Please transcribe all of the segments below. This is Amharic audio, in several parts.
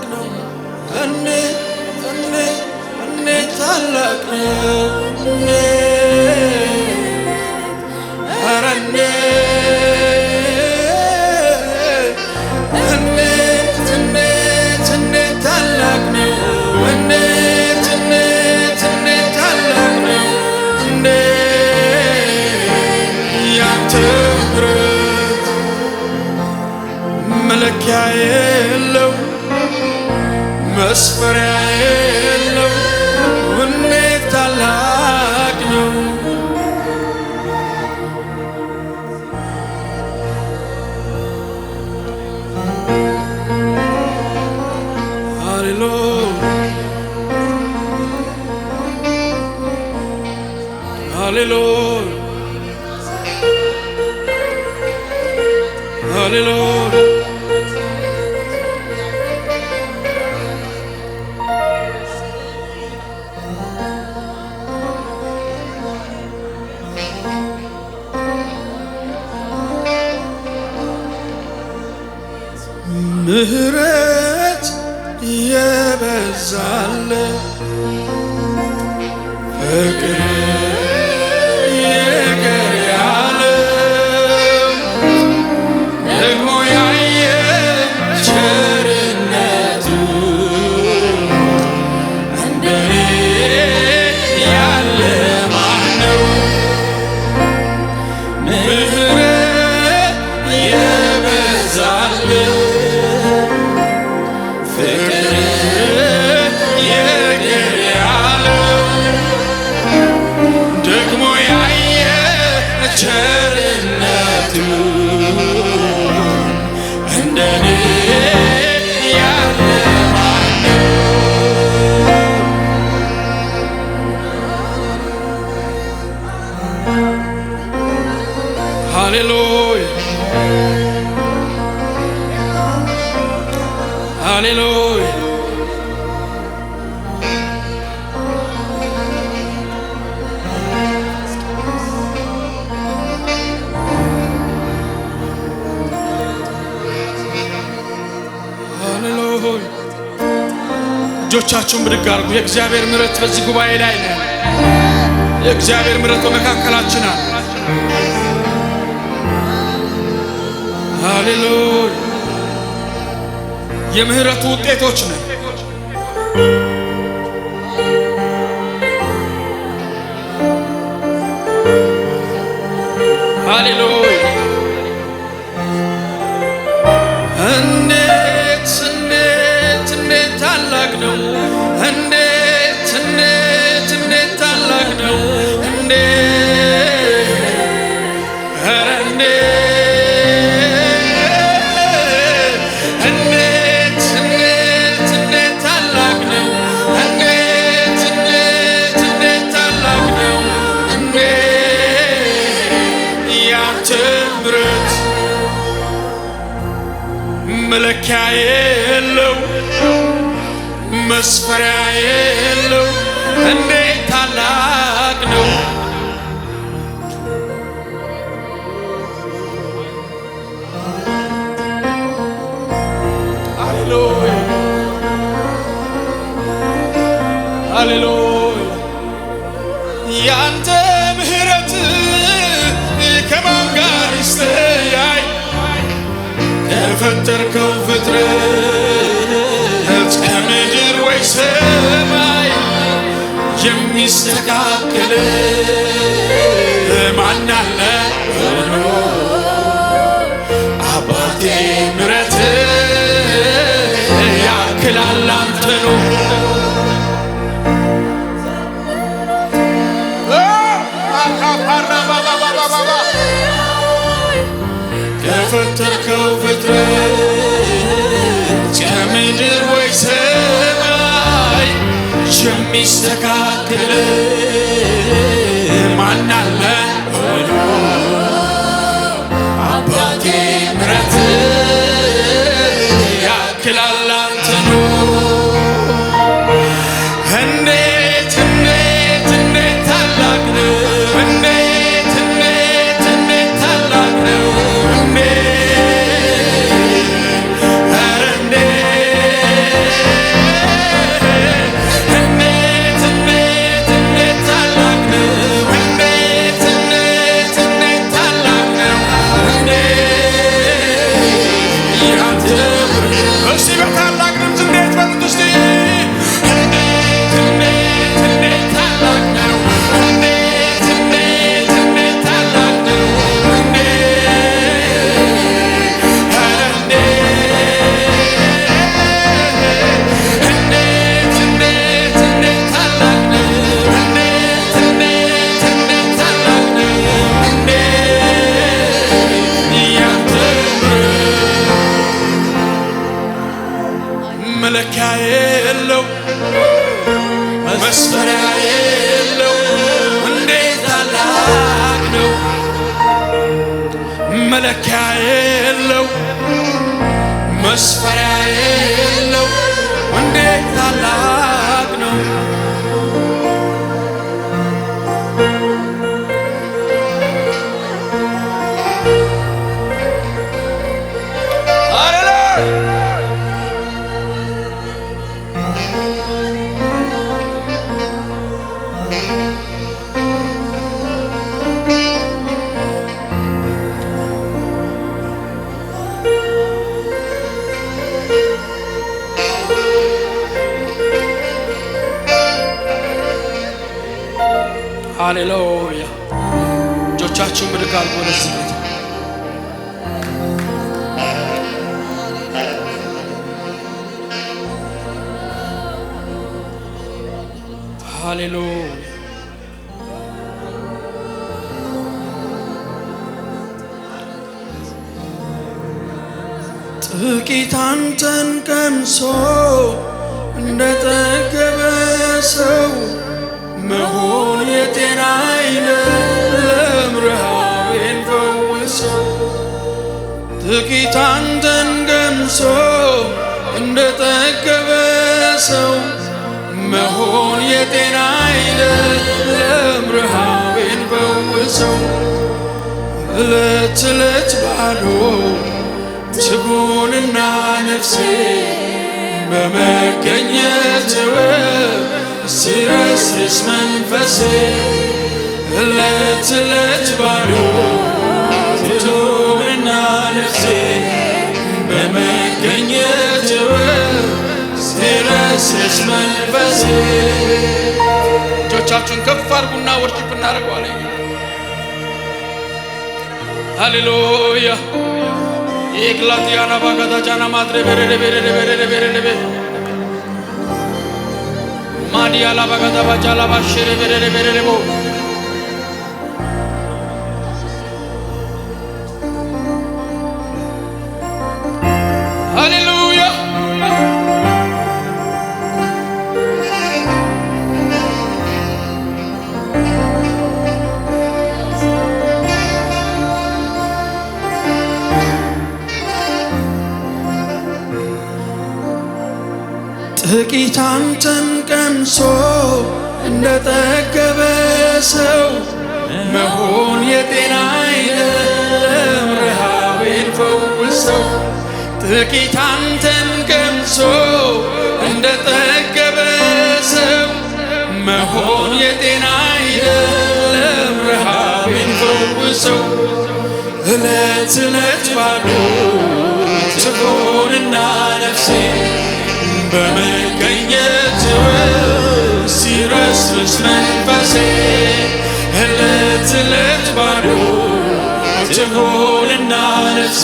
ታላቅ ነው እኔ እኔ እኔ ታላቅ ነው እኔ Yeah, yeah. mas para ele. ምህረት የበዛለ ፍቅር ሆይ እጆቻችሁን ብድግ አድርጉ። የእግዚአብሔር ምሕረት በዚህ ጉባኤ ላይ ነው። የእግዚአብሔር ምሕረት በመካከላችን አለ። ሃሌሉያ! የምህረቱ ውጤቶች ነው። ሃሌሉያ! መለኪያ የለው መስፈሪያ የለው እንዴት ታላቅ ነው የፈጠርከው ፍጥረት ከምድር ወይ ሰማይ ያለው ፍጥረት ከምድር የሚስተካከል ማናል it. ሃሌሉያ። እጆቻችሁን ብድግ አድርጉ ወደዚህ ቤት ሃሌሉያ። ጥቂት አንተን ቀምሶ ሰው መሆን የጤና አይነት ለምርሃቤን ፈውሰ ጥቂት አንተን ገንሶ እንደ ጠገበ ሰው መሆን የጤና አይነት ለምርሃቤን ፈውሰው እለት እለት ባዶ ስቡንና ነፍሴ በመገኘት ሲረስርስ መንፈሴ እለት እለት ባዶ ትቶምና ነፍሴ በመገኘት ሲረስርስ መንፈሴ እጆቻችሁን ከፍ አድርጉና ወርጅብ እናደርገዋለን። ሃሌሉያ የግላትያና ባጋታጫና ማድረ በረደ በረደ በረደ በረደ মানিয়ালা বাগাদাবা চালাবা সেরে বেরে বেরে বেরে ጥቂት አንተን ቀምሶ እንደጠገበ ሰው መሆን የጤና አይደለም፣ ረሃቤን ፈውሰው። ጥቂት አንተን ቀምሶ እንደጠገበ ሰው መሆን የጤና አይደለም፣ ረሃቤን ፈውሰው። እለት እለት ባዶ ትሆንና ነፍሴ በመገኘት ሲረስርስ መንፈሴ እለት እለት ባዶ ትሆንና ነፍሴ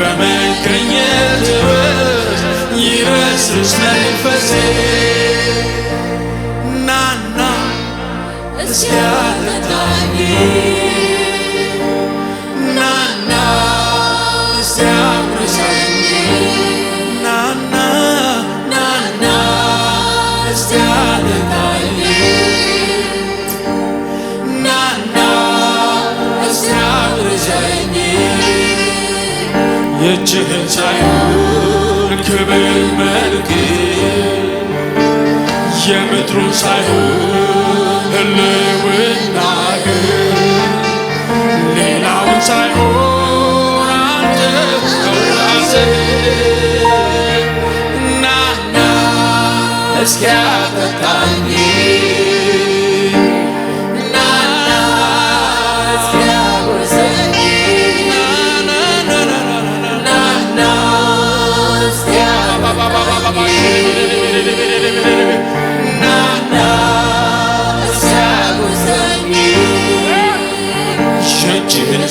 በመገኘት ይረስርስ መንፈሴ ናና እስኪያለጣኝ እስኪያጠጣኝ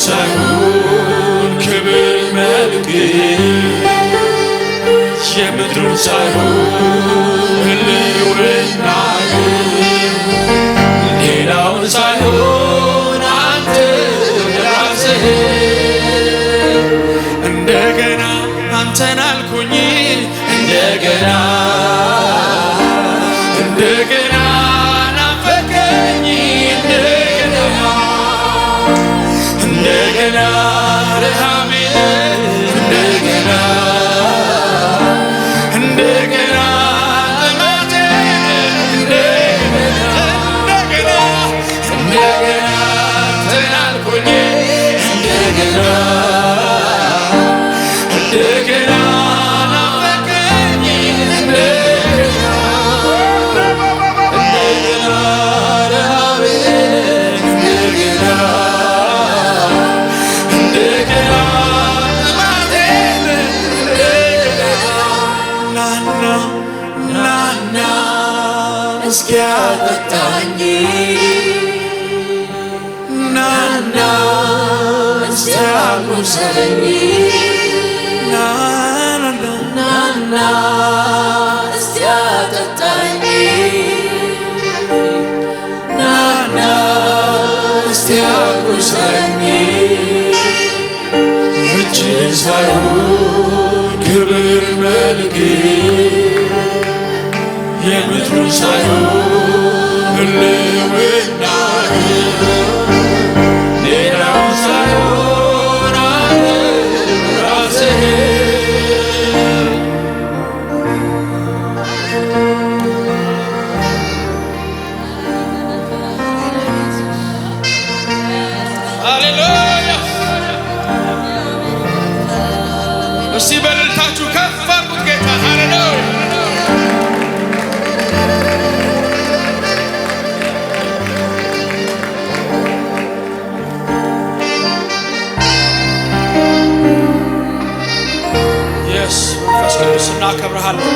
ሳይሆን ክብር መልክ የምድሩን ሳይሆን እስኪያጠጣኝ ናና እስኪያጎሰኝ ናና እስኪያጠጣኝ ናና እስኪያጎሰኝ እጅ ሳይሆን ክብር መልጌ هللويا! እስቲ በእልልታችሁ ከፍ Harvard.